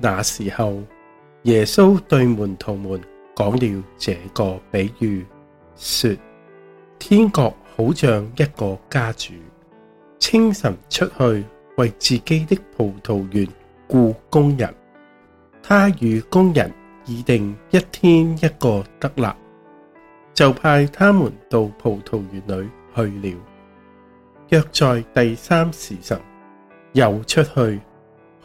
那時候，耶穌對門徒們講了這個比喻，說：天國好像一個家主，清晨出去為自己的葡萄園僱工人，他與工人議定一天一個德納，就派他們到葡萄園裡去了。約在第三時辰，又出去。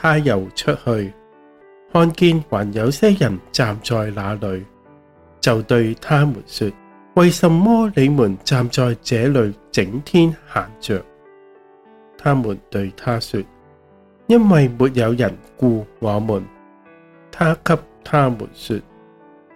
他又出去，看見還有些人站在那裡，就對他們說：為什麼你們站在這裡整天閒着？他們對他說：因為沒有人僱我們。他給他們說：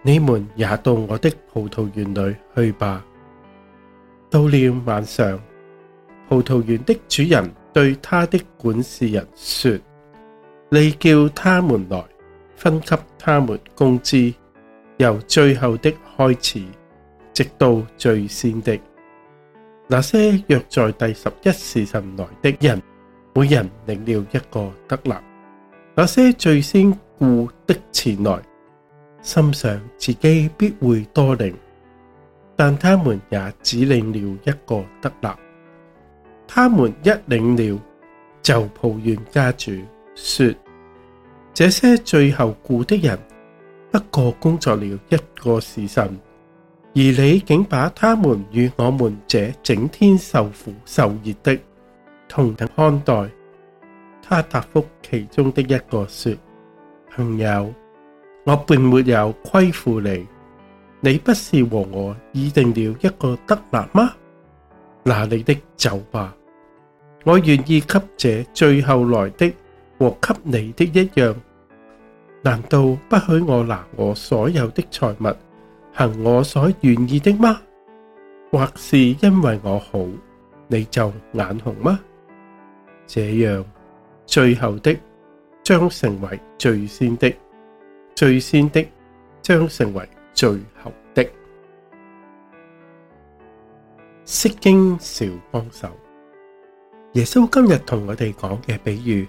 你們也到我的葡萄園裡去吧。到了晚上，葡萄園的主人對他的管事人說：你叫他們來，分給他們工資，由最後的開始，直到最先的。那些約在第十一時辰來的人，每人領了一個德納；那些最先僱的前來，心想自己必會多領，但他們也只領了一個德納。他們一領了，就抱怨家主。說這些最後僱的人，不過工作了一個時辰，而你竟把他們與我們這整天受苦受熱的同等看待。他答覆其中的一個說：朋友，我並沒有虧負你，你不是和我議定了一個德納嗎？拿你的走吧，我願意給這最後來的。和給你的一樣，難道不許我拿我所有的財物，行我所願意的嗎？或是因為我好，你就眼紅嗎？這樣，最後的將成為最先的，最先的將成為最後的。《釋經小幫手》，耶穌今日同我哋講嘅比喻。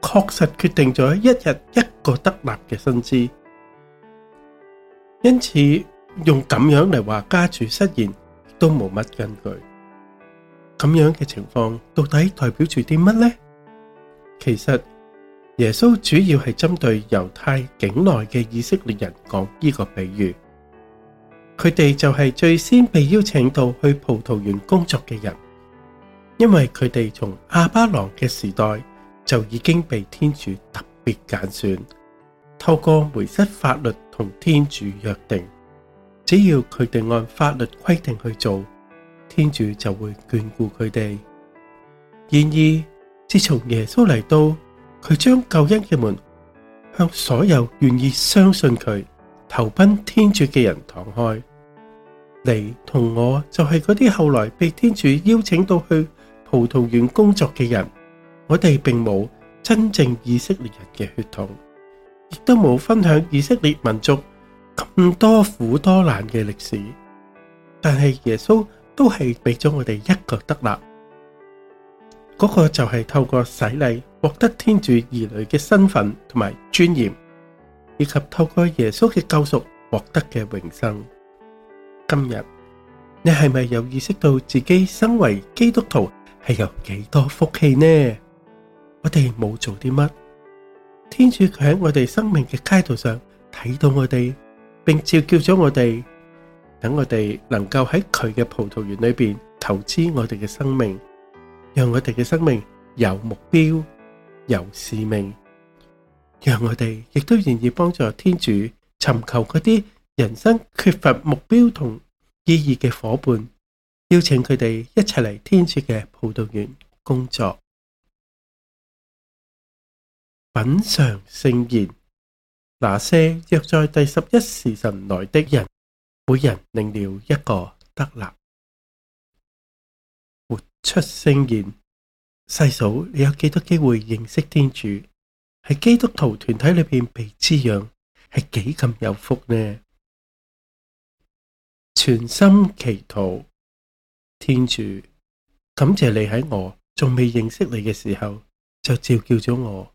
確實決定咗一日一個德納嘅薪資，因此用咁樣嚟話家主失言都冇乜根據。咁樣嘅情況到底代表住啲乜呢？其實耶穌主要係針對猶太境內嘅以色列人講呢個比喻，佢哋就係最先被邀請到去葡萄園工作嘅人，因為佢哋從亞巴郎嘅時代，就已經被天主特別揀選，透過梅瑟法律同天主約定，只要佢哋按法律規定去做，天主就會眷顧佢哋。然而，自從耶穌嚟到，佢將救恩嘅門向所有願意相信佢、投奔天主嘅人敞開。你同我就係嗰啲後來被天主邀請到去葡萄園工作嘅人我哋並冇真正以色列人嘅血統，亦都冇分享以色列民族咁多苦多難嘅歷史。但係耶穌都係俾咗我哋一個德納，嗰個就係透過洗禮獲得天主兒女嘅身份同埋尊嚴，以及透過耶穌嘅救贖獲得嘅永生。今日你係咪有意識到自己身為基督徒係有幾多福氣呢？我哋冇做啲乜，天主佢喺我哋生命嘅街道上睇到我哋，並召叫咗我哋，等我哋能夠喺佢嘅葡萄園裏邊投資我哋嘅生命，讓我哋嘅生命有目標、有使命，讓我哋亦都願意幫助天主尋求嗰啲人生缺乏目標同意義嘅夥伴，邀請佢哋一齊嚟天主嘅葡萄園工作。品嘗聖言，那些約在第十一時辰來的人，每人領了一個德納，活出聖言。細數，你有幾多機會認識天主？喺基督徒團體裏邊被滋養，係幾咁有福呢？全心祈禱，天主，感謝你喺我仲未認識你嘅時候就召叫咗我。